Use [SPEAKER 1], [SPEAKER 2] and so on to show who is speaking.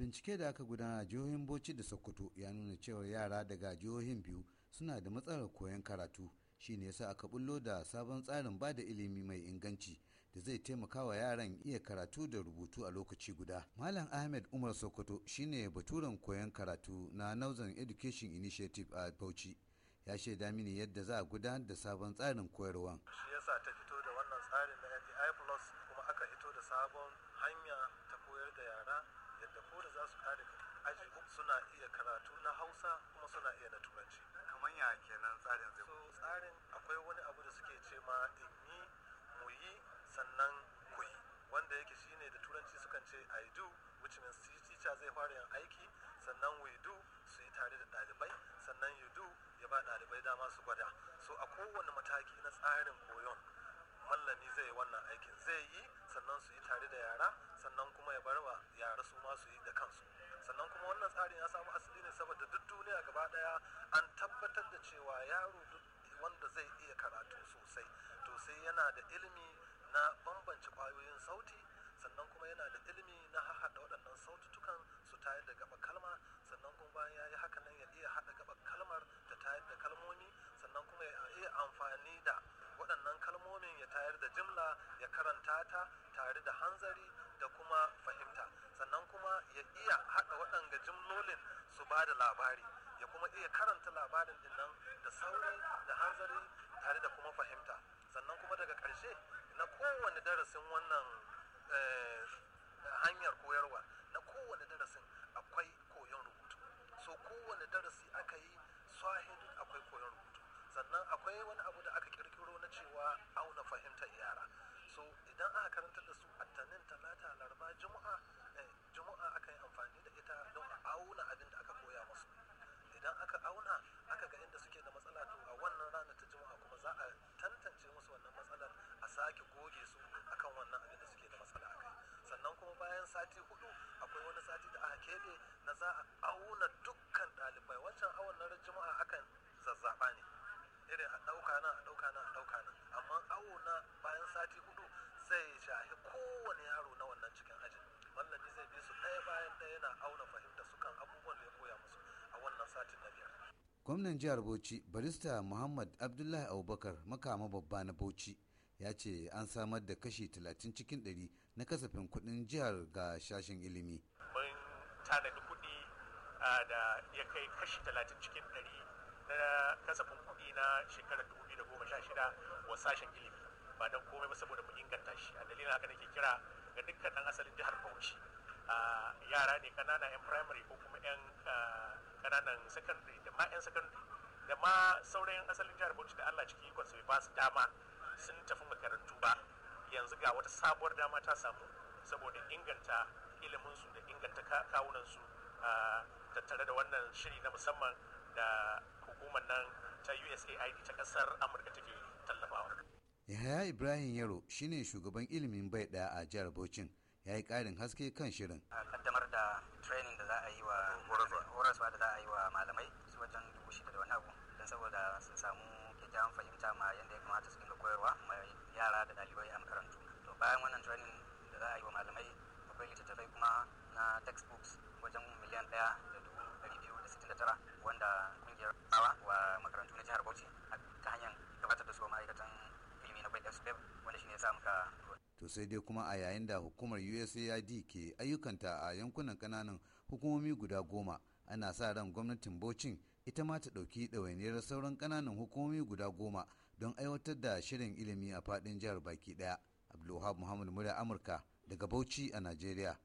[SPEAKER 1] bincike da aka gudana a jihohin bauchi da sokoto ya nuna cewa yara daga jihohin biyu suna da matsalar koyon karatu shi shine yasa aka bullo da sabon tsarin ba da ilimi mai inganci da zai taimaka wa yaran iya karatu da rubutu a lokaci guda malam ahmed umar sokoto shine baturen koyon karatu na northern education initiative a bauchi ya shaida mini yadda za a gudanar da sabon tsarin koyarwan shi yasa ta fito da wannan tsarin
[SPEAKER 2] na plus kuma aka fito da sabon hanya ta koyar da yara za su kare aji suna iya karatu na hausa kuma suna iya na turanci kamar ya kenan tsarin zai so tsarin akwai wani abu da suke ce ma in yi mu yi sannan ku yi wanda yake shine da turanci sukan ce i do which means teacher zai fara yin aiki sannan we do su yi tare da ɗalibai sannan you do ya ba ɗalibai dama su gwada so a kowane mataki na tsarin koyon mallami zai yi wannan aikin zai yi sannan su yi tare da yara sannan kuma ya bar wa yana da ilimi na bambanci kwayoyin sauti sannan kuma yana da ilimi na haɗa waɗannan sautukan su tayar da gaba kalma sannan kuma bayan ya yi haka nan ya iya haɗa gaba kalmar ta tayar da kalmomi sannan kuma ya iya amfani da waɗannan kalmomin ya tayar da jimla ya karanta ta tare da hanzari da kuma fahimta sannan kuma ya iya haɗa waɗanga jimlolin su ba da labari ya kuma iya karanta labarin dinnan da sauri da hanzari tare da kuma fahimta ƙarshe na kowane darasin wannan eh, za a auna dukkan ɗalibai wancan awon na juma'a akan zazzaɓa ne irin a ɗauka nan a ɗauka nan a ɗauka nan amma awo na bayan sati hudu zai shahi kowane yaro na wannan cikin ajin mallami zai bi su ɗaya
[SPEAKER 1] bayan ɗaya yana auna fahimta su kan abubuwan da ya koya musu a wannan satin na biyar. gwamnan jihar bauchi barista muhammad abdullahi abubakar makama babba na bauchi ya ce an samar da kashi 30 cikin 100 na kasafin kudin jihar ga shashin ilimi.
[SPEAKER 3] mun tanadi da ya kai kashi talatin cikin dari na kasafin kuɗi na shekarar 2016 wa sashen ilimi ba don komai ba saboda mu inganta shi a dalilin haka nake kira ga dukkan ɗan asalin jihar bauchi yara ne kanana 'yan primary ko kuma 'yan kananan secondary da ma 'yan secondary da ma sauran 'yan asalin jihar bauchi da allah ciki ikon su ba su dama sun tafi makarantu ba yanzu ga wata sabuwar dama ta samu saboda inganta iliminsu da inganta kawunansu tattare da wannan shiri na musamman da hukumar nan ta USAID ta kasar Amurka take tallafawa.
[SPEAKER 1] Yahaya Ibrahim Yaro shine shugaban ilimin bai ɗaya a jihar Bauchin ya yi ƙarin haske kan shirin.
[SPEAKER 3] Kaddamar da training da za a yi wa horaswa da za a yi wa malamai su wajen dubu shida da wani abu don saboda sun samu kyakkyawan fahimta ma yadda ya kamata su dinga koyarwa ma yara da ɗalibai a makarantu. To bayan wannan training da za a yi wa malamai akwai littattafai kuma na textbooks wajen miliyan daya da dubu dari biyu da sittin da tara wanda kungiyar awa wa makarantu na jihar Bauchi ta hanyar gabatar da su ma'aikatan ilimi na bai ɗansu wanda shine ya sa muka
[SPEAKER 1] to sai dai kuma a yayin da hukumar USAID ke ayyukanta a yankunan kananan hukumomi guda goma ana sa ran gwamnatin bauchi ita ma ta ɗauki ɗawainiyar sauran kananan hukumomi guda goma don aiwatar da shirin ilimi a faɗin jihar baki ɗaya. Abdulwahab muhammadu Murya Amurka daga Bauchi a Najeriya.